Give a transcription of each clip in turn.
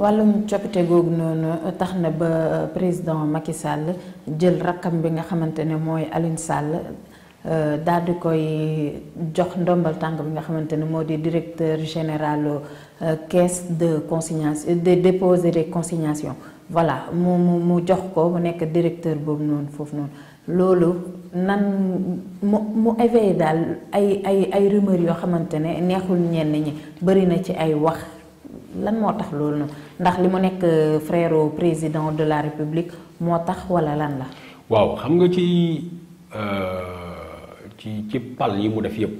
wàllum coppite googu noonu euh, tax na ba euh, président Macky Sall jël rakam bi nga xamantene moy mooy Sall euh daal di koy jox ndombal tànk bi nga xamantene modi directeur général euh, caisse de consignation de dépôt des consignations voilà mu mu mu jox ko mu nek directeur bob non fof non lolu nan mu mu éveillé daal ay ay ay rumeur yo xamantene ne neexul ñenn ñi bari na ci ay wax lan moo tax loolu noonu ndax li mu nekk euh, frère président de la république moo tax walla lan la. waaw xam nga ci euh, ci ci pal yi mu def yépp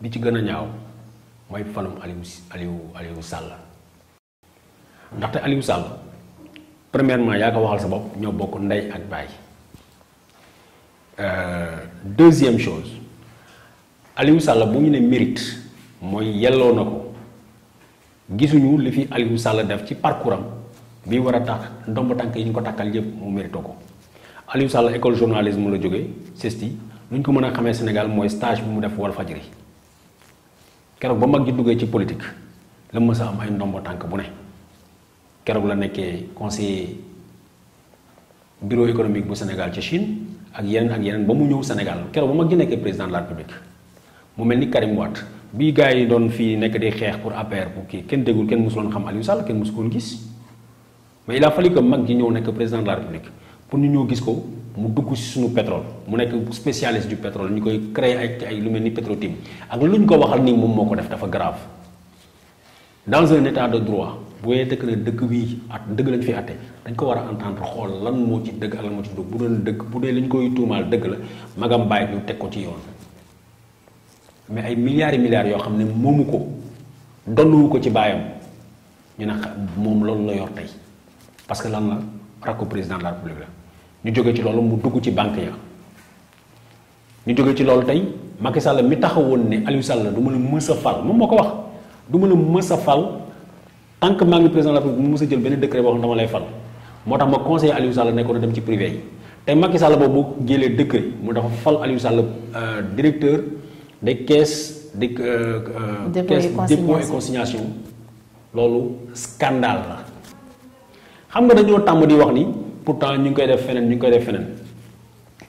bi ci gën a ñaaw mooy falum Aliou Aliou Aliou Sall. ndaxte Aliou Sall premièrement yaa ko waxal sa bopp ñoo bokk ndey ak baay. Euh, deuxième chose Aliou Sall bu ñu ne mérite mooy yelloo na ko. gisuñu li fi Aliou Sall def ci parcours am bi war a tax ndomb tànk yi ñu ko takkal yëpp mu mérito ko Aliou Sall école journalisme la jóge CESTI lu ñu ko mën a xamee Sénégal mooy stage bi mu def wal fajri keroog ba mag ji duggee ci politique la mës a am ay ndombo tànk bu ne keroog la nekkee conseiller bureau économique bu Sénégal ci Chine ak yeneen ak yeneen ba mu ñëw Sénégal keroog ba mag ji nekkee président de la République mu mel ni Karim Wade bii gars yi doon fii nekk di xeex pour APR pour kii kenn déggul kenn mosuloon xam Aliou Sall kenn mosu ko gis mais il a mag ji ñëw nekk président de la République pour ñu ñëw gis ko mu dugg si suñu pétrole mu nekk spécialiste du pétrole ñu koy créer ay ay lu mel ni Petro-Tim ak lu ñu ko waxal nii moom moo ko def dafa grave dans un état de droit bu dee dëkk na dëkk bii at dëgg lañ fi àtte dañ ko war a entendre xool lan moo ci dëgg ak lan moo ci dugg bu doon bu dee lañ koy tuumaal dëgg la magam bàyyi ñu teg ko ci yoon. mais ay milliards milliards yoo xam ne moomu ko dolluwu ko ci baayam ñu ne moom loolu la yor tey parce que lan la rakku président de la république la ñu jóge ci loolu mu dugg ci banque ya ñu jóge ci loolu tey Macky Sall mi woon ne Aliou Sall du ma la mës a fal moom moo ko wax du ma la mës a fal tant que maa ngi président de la république mu mës jël benn décret boo xam ne dama lay fal moo tax ma conseillé Aliou Sall nekkoon dem ci privé yi te Macky Sall boobu mu jëlee décret mu dafa fal Aliou Sall euh, directeur. des caisses des eh, eh, caisses dépôt et consignation loolu scandale la xam nga dañu tam di wax ni pourtant ñu koy def fenen ñu koy def fenen.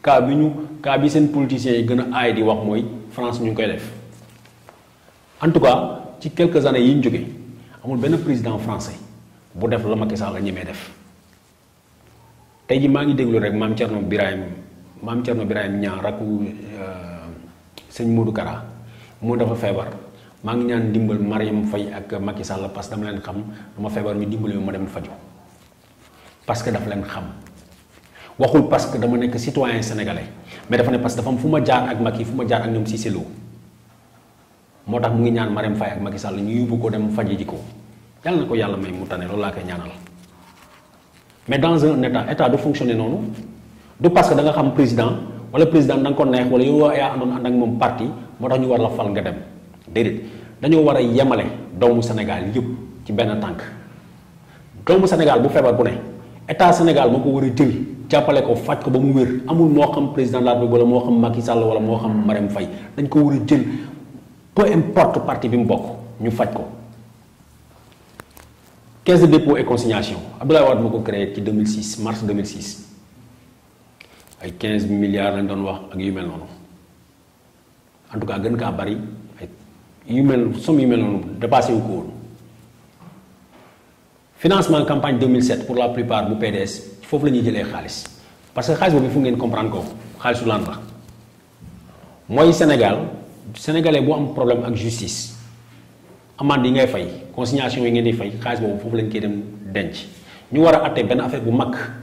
Ka bi ñu ka bi seen politiciens yi gëna a di wax moy France ñu koy def en tout cas ci quelques années yi ñu joggé amul ben président français bu def la Macky Sall la ñemee def Tay ji maa ngi déglu rek Mam Thierno Birahim Mam Thierno Birahim ñaa rakku euh, señ mudu Kara mo dafa febar ma ngi ñaan dimbal Mariam fay ak Macky Sall pass dama leen xam dama febar ñu dimbali ma dem faju parce que dafa leen xam waxul parce que dama nek citoyen sénégalais mais dafa ne parce que dafa fuma jaar ak Macky fuma jaar ak ñom ci Lo motax mu ngi ñaan Mariam fay ak Macky Sall ñu yubu ko dem faji jiko yalla nako yalla may mu tané la kay ñaanal mais dans un état état du fonctionner nonou du parce que da nga xam président wala président da nga ko neex wala yow yaa àndoon ànd ak moom parti moo tax ñu war la fal nga dem déedéet dañoo war a yemale doomu Sénégal yëpp ci benn tànk doomu Sénégal bu feebar bu ne état Sénégal moo ko war a jël jàppale ko faj ko ba mu wér amul moo xam président de la République wala moo xam Macky Sall wala moo xam Marème Faye dañ ko war a jël peu importe parti bi mu bokk ñu faj ko. caisse de dépôt et consignation Abdoulaye Wade moo ko créé ci 2006 mars 2006. ay 15 milliards lañ doon wax ak yu mel noonu en tout cas gën kaa bari ay yu mel somme yu mel noonu dépassé wu ko woon financement campagne 2007 pour la plupart bu PDS foofu la ñuy jëlee xaalis parce que xaalis boobu fu ngeen comprendre ko xaalisu lan la mooy Sénégal sénégalais boo am problème ak justice amande yi ngay fay consignation yi ngeen di fay xaalis boobu foofu lañ koy dem denc ñu war a atte benn affaire bu mag.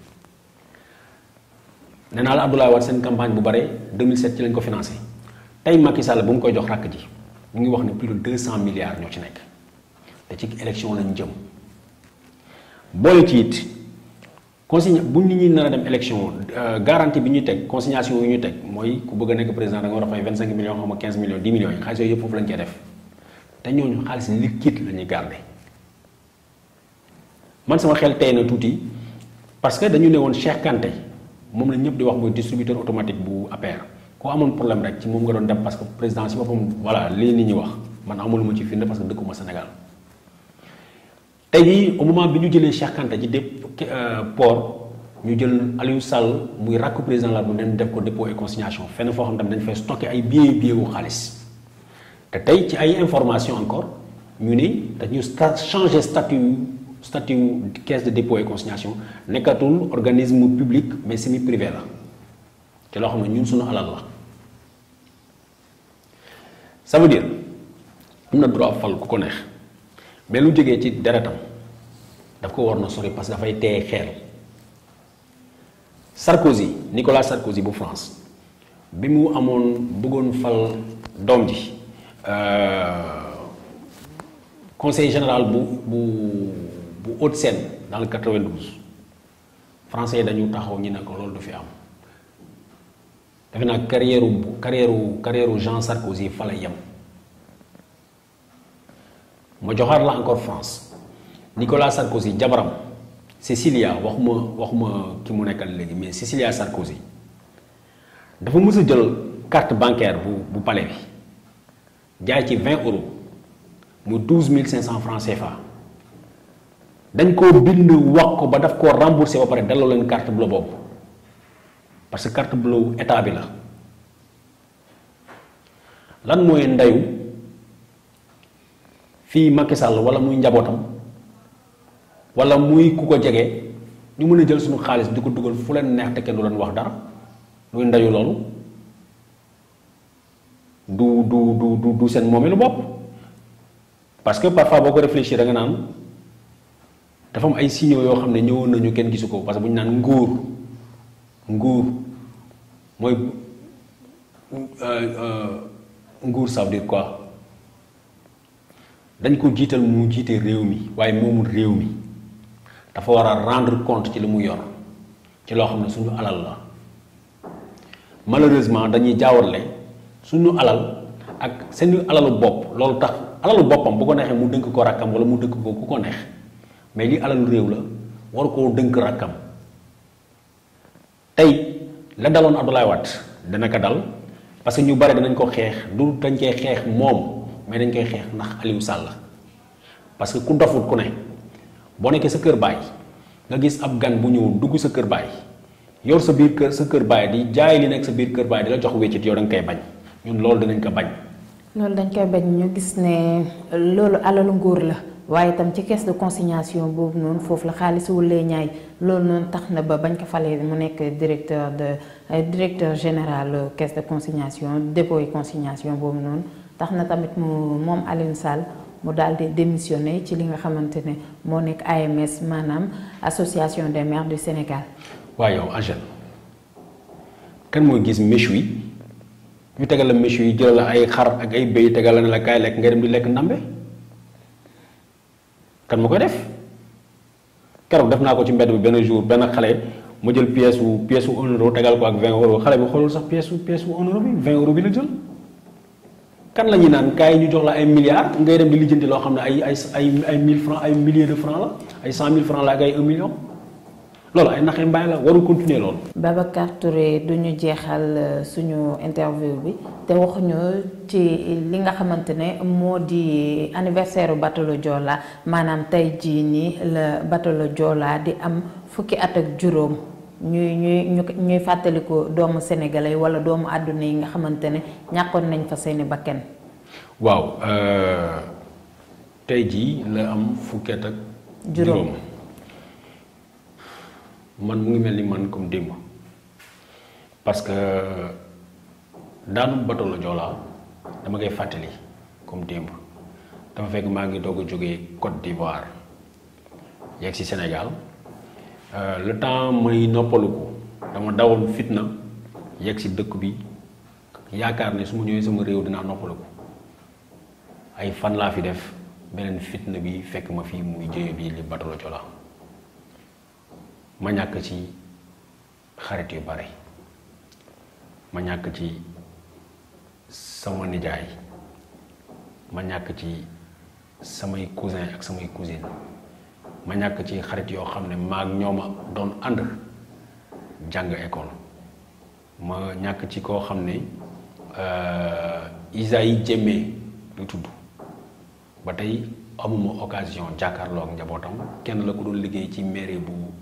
nee naa la Abdoulaye Wade seen campagne bu bare 2007 ci lañ ko financé tey Macky Sall bu mu koy jox rakk ji mu ngi wax ne plus de 200 milliards ñoo ci nekk te ci élection lañ jëm boole ci it consigna bu ñi nar a dem élection euh, garantie bi ñuy teg consignation yu ñu teg mooy ku bëgg a nekk président da nga war a fay 25 millions xam nga 15 millions 10 millions yi xaalis yooyu yëpp foofu lañ koy def te ñooñu xaalis liquide la ñuy garder man sama xel tey na tuuti parce que dañu ne woon Cheikh moom la ñëpp di wax mooy distributeur automatique bu APR koo amoon problème rek ci moom nga doon dem parce que président si boppam voilà lii nit ñi wax man amuluma ci firnde parce que dëkkuma Sénégal tey jii au moment bi ñu jëlee Cheikh Kanta ci dép euh, port ñu jël Aliou Sall muy rakk président la bu dem def ko dépôt et consignation fenn foo xam ne dañ fay stocké ay billets billets wu xaalis te tey ci ay information encore ñu ne dañu changer statut statut caisse de dépôt et consignation nekkatul organisme public mais semi privé là. ce que nous avons ñun la ça veut dire nous na droit fal ku ko neex mais lu jógee ci deretam daf ko nous na sori parce que nous avons Sarkozy Nicolas Sarkozy pour France bi mu amoon bëggoon fal doom ji euh, conseil général bu bu bu Haute de dans le 92 français dañu taxaw ñi ne ko loolu du fi am dafa naa carrière carrière carrière Jean Sarkozy fa Moi, je joxar la encore France Nicolas Sarkozy jabaram Cécilia waxuma waxuma ki mu nekkal mais Cécilia Sarkozy dafa mësu jël carte bancaire bu bu palais bi jaay ci 20 euros mu 12 500 francs CFA. dañ ko bind wax ko ba daf ko rembourser ba pare delloo len carte bleue bob parce que carte bleue état bi la lan moy ndayu fi Macky Sall wala muy njabotam wala muy kuko jégué ñu mëna jël suñu xaaliss di duggal fu len neex te kenn du wax dara muy ndayu lolu du du du du sen momi lu pas parce que parfois boko réfléchir da nga nan dafa ay signaux yoo xam ne ñëwoon nañu kenn gisu ko parce que bu ñu naan nguur nguur mooy euh, euh, nguur ça veut quoi dañ ko jiital mu jiite réew mi waaye moomul réew mi dafa war a rendre compte ci li mu yor ci loo xam ne suñu alal la malheureusement dañuy jaawale suñu alal ak seen alalu bopp loolu tax alalu boppam bu ko neexee mu dëkk ko rakkam wala mu dëkk ko ku ko neex mais li alalu réew la war koo dënk rakkam tey la daloon Abdoulaye wat dana ko dal parce que ñu bare danañ ko xeex du dañ koy xeex moom mais dañ koy xeex ndax Aliou Sall parce que ku dofut ku ne boo nekkee sa kër baay nga gis ab gan bu ñëw dugg sa kër baay yor sa biir kër sa kër baay di jaay li nekk sa biir kër baay di la jox wéccit yow da nga koy bañ ñun loolu dinañ ko bañ. loolu dañ koy bañ ñu gis ne loolu alalu nguur la. waaye tam ci caisse de consignation boobu noonu foofu la xaalisu Wulé Ndiaye loolu noonu tax na ba bañ ko falee mu nekk directeur de euh, directeur général euh, caisse de consignation dépôt et consignation boobu noonu tax na tamit mu moom Alioune Sall mu daal di démissionné ci li nga xamante ne moo nekk AMS maanaam association des maires du Sénégal. waaw yow Angèle kan mooy gis méchoui yi ñu tegal la méchoui yi jëlal la ay xar ak ay béy tegal la ne la kaay lekk nga dem di lekk ndambe. kan ma koy def keroog def naa ko ci mbedd bi benn jour benn xale mu jël pièce wu pièce wu 1 euro tegal ko ak 20 euro xale bi xoolul sax pièce wu pièce wu 1 euro bi 20 euro bi la jël. kan la ñuy naan kaay ñu jox la ay milliards ngay dem di lijjanti loo xam ne ay ay ay ay mille francs ay milliers de francs la ay cent mille francs la ak ay un million. loolu ay naxe mbaay la waru continuer loolu. Babacar Touré du jeexal euh, suñu interview bi te waxuñu ci li nga xamante ne moo di anniversaire bateau Joola maanaam tey jii nii la bateau Joola di am fukki at ak juróom ñuy ñuy ñuy fàttaliku doomu sénégalais wala doomu àdduna yi nga xamante ne ñàkkoon nañ fa seeni bakken. waaw euh, tey jii la am fukki at ak. juróom. man mu ngi mel ni man comme démb parce que daanu bato la jola dama ngay fàttali comme démb dama fekk maa ngi doog a jógee Côte d'Ivoire yeeg si Sénégal euh, le temps may noppalu ko dama dawoon fitna yeeg si dëkk bi yaakaar ne su ma ñëwee sama réew dinaa noppalu ay fan laa fi def beneen fitna bi fekk ma fi muy jëye bi li bato la ma ñàkk ci xarit yu bari ma ñàkk ci sama nijaay ma ñàkk ci samay cousin ak samay cousine ma ñàkk ci xarit yoo xam ne maag ñooma doon ànd jàng école ma ñàkk ci koo xam ne yi Jémé lu tudd ba tey amuma occasion jàkkaarloo ak njabootam kenn la ko doon liggéey ci mairie bu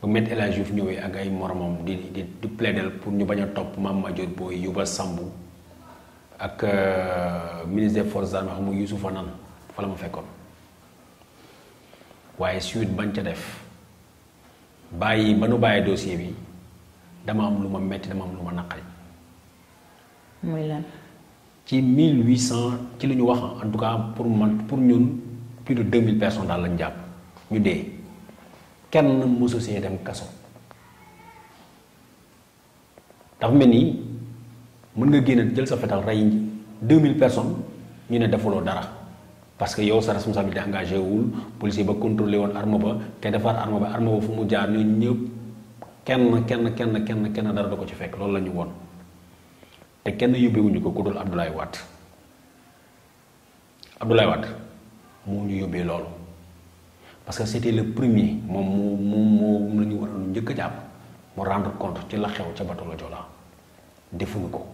ba met El Hadj Diouf ak ay moromam di di di plaidel pour ñu bañ a topp Mame boy Boye Yuba Sambu ak euh, ministre des forces armées mu yusuf anan fa la ma fekkon waye suite bañ ca def bayyi ba nu bàyyi dossier bi dama am luma metti dama am luma ma muy lan. ci 1800 ci lu ñu wax en tout cas pour man pour ñun plus de 2000 personnes daal lañ japp ñu dé kenn mësu see dem kaso dafa mel ni mën nga génn jël sa fetal rey 2000 personnes ñu ne defuloo dara parce que yow sa responsabilité engagé wul policier ba contrôlé woon arme ba te defar arme ba arme ba fu mu jaar ñun ñëpp kenn kenn kenn kenn kenn dara da ko ci fekk loolu la ñu woon te kenn yóbbeewuñu ko ku dul Abdoulaye wat Abdoulaye wat mu ñu yóbbee loolu. parce que c'était le premier mom mo mo mom lañu waron ñëk japp mo rendre compte ci la xew ci bato la jola defu ñuko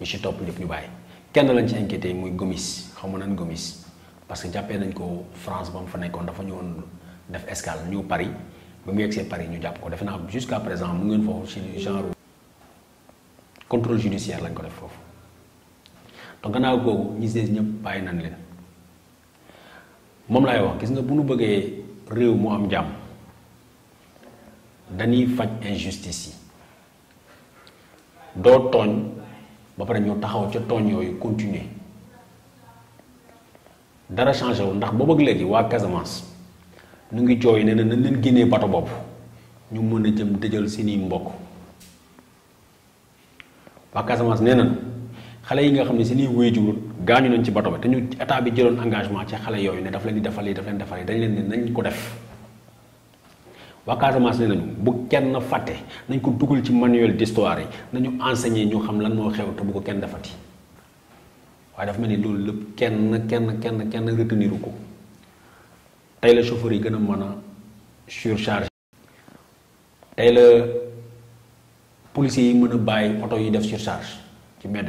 ñu ci top ñep ñu bay kenn lañ ci inquiété muy gomis xamu nan gomis parce que jappé nañ ko France bam fa nekkon dafa ñëwon def escale ñu Paris ba mu yexé Paris ñu japp ko def na jusqu'à présent mu ngeen fofu ci genre contrôle judiciaire lañ ko def fofu donc gannaaw gogou ñi sé ñep bay nañ leen moom laay wax gis nga bu nu bëggee réew mu am jàmm dañuy faj injustice yi doo tooñ ba pare ñu taxaw ca tooñ yooyu continuer dara changé wu ndax boobu ak léegi waa Casamance ñu ngi jooy ne na nañ leen génnee bato bopp ñu mën a jëm dëjal seeni mbokk waa Casamance nee na xalé yi nga sini ci ni wéyjur gañu nañ ci bato ba té ñu état bi jëlone engagement ci xalé yooyu ne daf leen di defal lii daf leen defal lii dañ leen ne nañ ko def waa Casamance ne nañu bu kenn faté nañ ko duggal ci manuel d'histoire nañu enseigner ñu xam lan mo xew te bu ko kenn defati waaye dafa melni ni loolu lépp kenn kenn kenn kenn retenir ko tay la chauffeur yi gëna mëna surcharge tay la police yi mëna bay auto yi def surcharge ci mbedd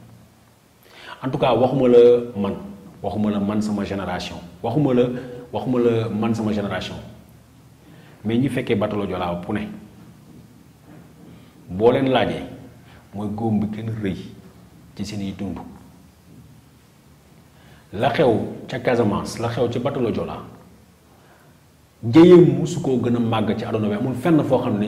en tout cas waxuma la man waxuma la man sama génération waxuma la waxuma la man sama génération mais ñi fekkee batalo Jolaa pu boo leen laajee mooy góom bi gën a rëy ci seeni dund la xew ca Casamance la xew ci batalo Jolaa jëyee musu koo gën a màgg ci àdduna bi amul fenn foo xam ne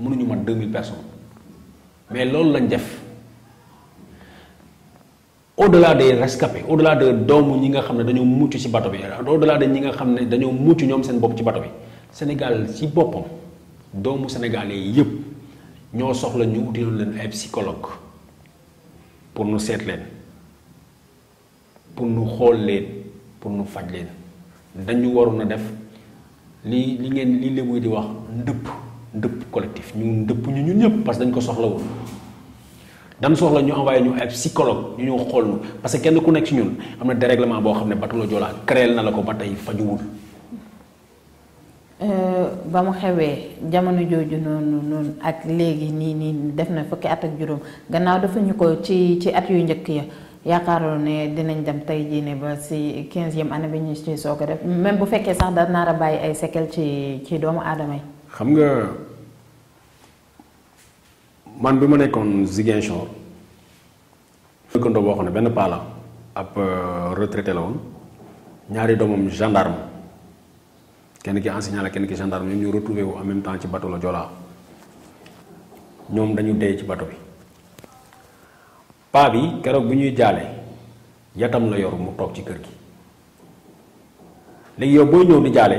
mënuñu mat deux mille personnes mais loolu lañ def au-delà des rescapés au-delà de doomu ñi nga xam ne dañoo mucc ci bato bi au-delà de ñi nga xam ne dañoo mucc ñoom seen bopp ci bato bi Sénégal ci boppam doomu sénégalais yépp ñoo soxla ñu utiloon leen ay psychologue pour nu seet leen pour nu xool leen pour nu faj leen dañu waroon a def li li ngeen li lébuy di wax ndëpp ndëpp collectif ñu ndëpp ñu ñun ñëpp parce dañ ko soxla woon dañ soxla ñu envoyé ñu ay psychologue ñu ñoo xool parce que kenn ku nekk ci ñun am na dérèglement boo xam ne batulo jola créel na la ko ba tey fajuwul euh, ba mu xewee jamono jooju noonu noonu ak léegi nii nii def na fukki at ak juróom gannaaw dafa ñu ko ci ci at yu njëkk ya yaakaaroon ne dinañ dem tey jii ne ba si 15e année bi ñu ci soog a def même bu fekkee sax da ra bàyyi ay sekel ci ci doomu aadama yi xam nga man bi ma nekkoon Ziguinchor dëkkandoo boo xam ne benn paa ab euh, retraité la woon ñaari doomam gendarme kenn ki enseignant la kenn ki gendarme ñoom ñu retrouvé wu en même temps ci bateau la Joola ñoom dañu dee ci bateau bi paa bi keroog bu ñuy jaale yatam la yor mu toog ci kër gi léegi yow booy ñëw di jaale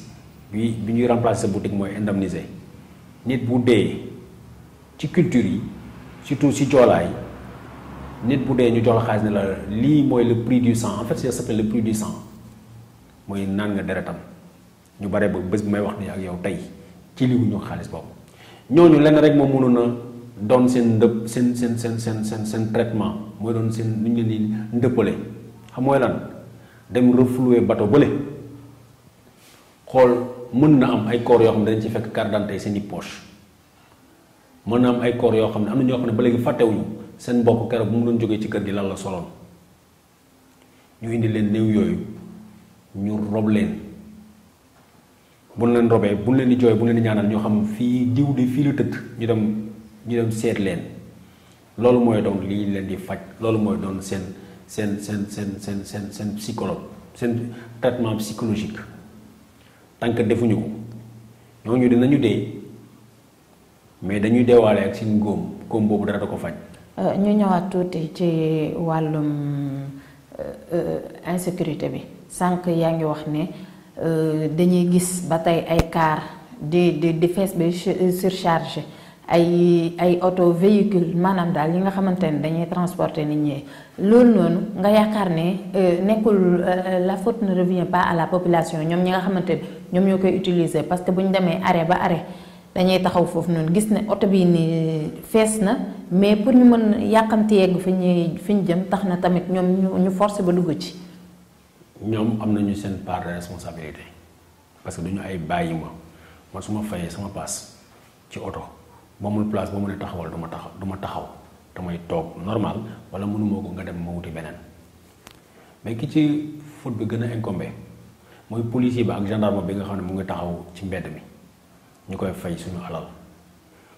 bi bi ñuy remplacer sa boutique mooy indemniser nit bu dee ci culture yi surtout si joolaa yi nit bu dee ñu jox la xaalis ne la lii mooy le prix du sang en fait ça s'appelle le prix du sang mooy naan nga deretam ñu bare ba bés bi may wax ni ak yow tey ci lii ñu xaalis boobu ñooñu lenn rek moom mënoon a doon seen ndëpp seen seen seen seen seen seen traitement mooy doon seen lu ñu leen di ndëppale xam mooy lan dem reflouer bato bële xool. mën na am ay koor yoo xam ne dañ ci fekk carte d'identité seen i poche mën na am ay koor yoo xam ne am na ñoo xam ne ba léegi fàttewuñu seen bopp keroog bu mu doon jógee ci kër gi lan la soloon ñu indi leen néew yooyu ñu rob leen bu leen robee bu leen di jooy bu leen di ñaanal ñoo xam fii diw di fii la tëdd ñu dem ñu dem seet leen loolu mooy doon lii leen di faj loolu mooy doon seen seen seen seen seen seen psychologue seen traitement psychologique tànk defuñu ko ñooñu dinañu dee mais dañuy deewaale ak suñu góom góom boobu dara da ko faj. Euh, ñu ñëwaat tuuti ci wàllum euh, euh, insécurité bi sànq yaa ngi wax ne dañuy gis ba tey ay car di di di fees ba surchargé. ay ay auto véhicule maanaam daal yi nga xamante ne dañuy transporter nit ñi loolu noonu nga yaakaar ne euh, nekkul euh, la faute ne revient pas à la population ñoom ñi nga xamante ni ñoom ñoo koy utiliser parce que bu ñu demee arrêt ba are dañuy taxaw foofu noonu gis ne oto bii nii fees na mais pour ñu mën yàqamti yegg fi ñuy fi ñu jëm tax na tamit ñoom ñu forcé ba dugg ci. ñoom am ñu seen part de responsabilité parce que duñu ay bàyyi ma man su ma fayee sama paas ci oto. bu amul place ba mu ne taxawal duma taxaw duma taxaw damay toog normal wala mënumoo moko nga dem ma wuti beneen mais ki ci foot bi gën a incombé mooy policier ba ak gendarme bi nga xam ne mu ngi taxaw ci mbedd mi ñu koy fay suñu alal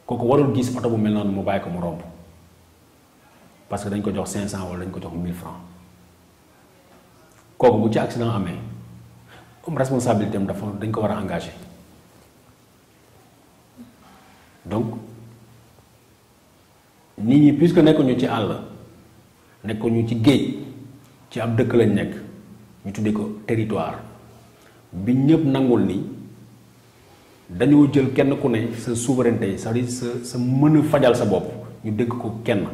kooku warul gis oto bu mel noonu mu bàyyi ko mu romb parce que dañ ko jox 500 wala dañ ko jox 1000 francs kooku bu ci accident amee um responsabilité am dafa dañ ko war a engagé donc nit ñi puisque nekkuñu ci àll nekkuñu ci géej ci ab dëkk lañ nekk ñu tuddee ko territoire bi ñëpp nangul ni dañoo jël kenn ku ne sa souveraineté c'est-à-dire sa sa mën fajal sa bopp ñu dëkk ko kenn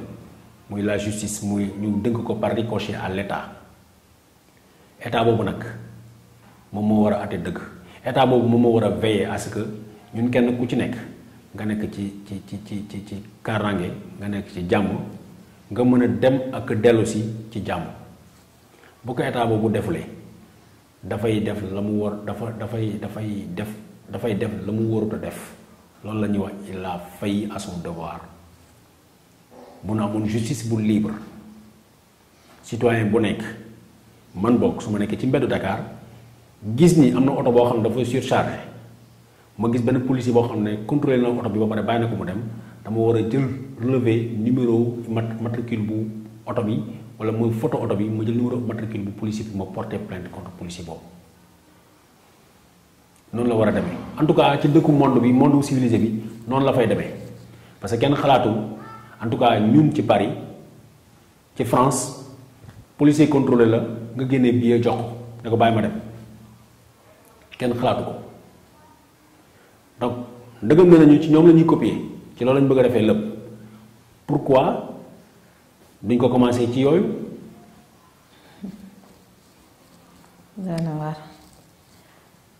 muy la justice muy ñu dëkk ko par ricochet à l'état état boobu nag moom moo war a àtte dëkk état boobu moom moo war a veiller à que ñun kenn ku ci nekk. nga nek ci ci ci ci ci ci karange nga nek ci jamm nga mën dem ak delu ci ci jamm bu ko état defulé da fay def la defle da defle da fay def fay def la mu warut a def lolou lañu wax il a fay à son devoir bu na amone justice bu libre citoyen bu nek man bok su nek ci mbeddu Dakar gis ni amna auto bo boo da fay surcharger ma gis benn policier boo xam ne contrôlé na oto bi ba pare bàyyi na ko mu dem dama war a jël relevé numéro mat matricule bu oto bi wala mooy photo oto bi ma jël numéro matricule bu policier bi ma porté plainte contre policier boobu noonu la war a dem en tout cas ci dëkku monde bi monde civilisé bi noonu la fay demee parce que kenn xalaatu en tout cas ñun ci Paris ci France policier contrôlé la nga génnee billet jox ko ne ko bàyyi ma dem kenn xalaatu donc ndëgam ne nañu ci ñoom la ñuy ci loolu lañ bëgg a defee lépp pourquoi duñ ko commencé ci yooyu. daanaka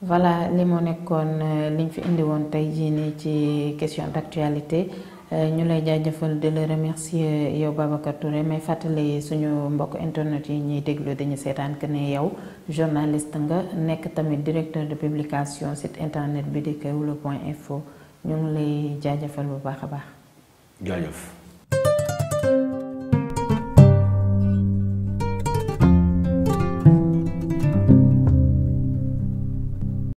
voilà li moo nekkoon euh, liñ fi indi woon tey jii nii ci question d'actualité. Euh, ñu lay jaajëfal de le remercier euh, yow Babacar Touré may fàttali suñu mbokk internet yi ñuy déglu dañu seetaan que ne yow journaliste nga nekk tamit directeur de publication site internet bi di Kéwoulo point info ñu ngi lay jaajëfal bu baax a baax. jaajëf.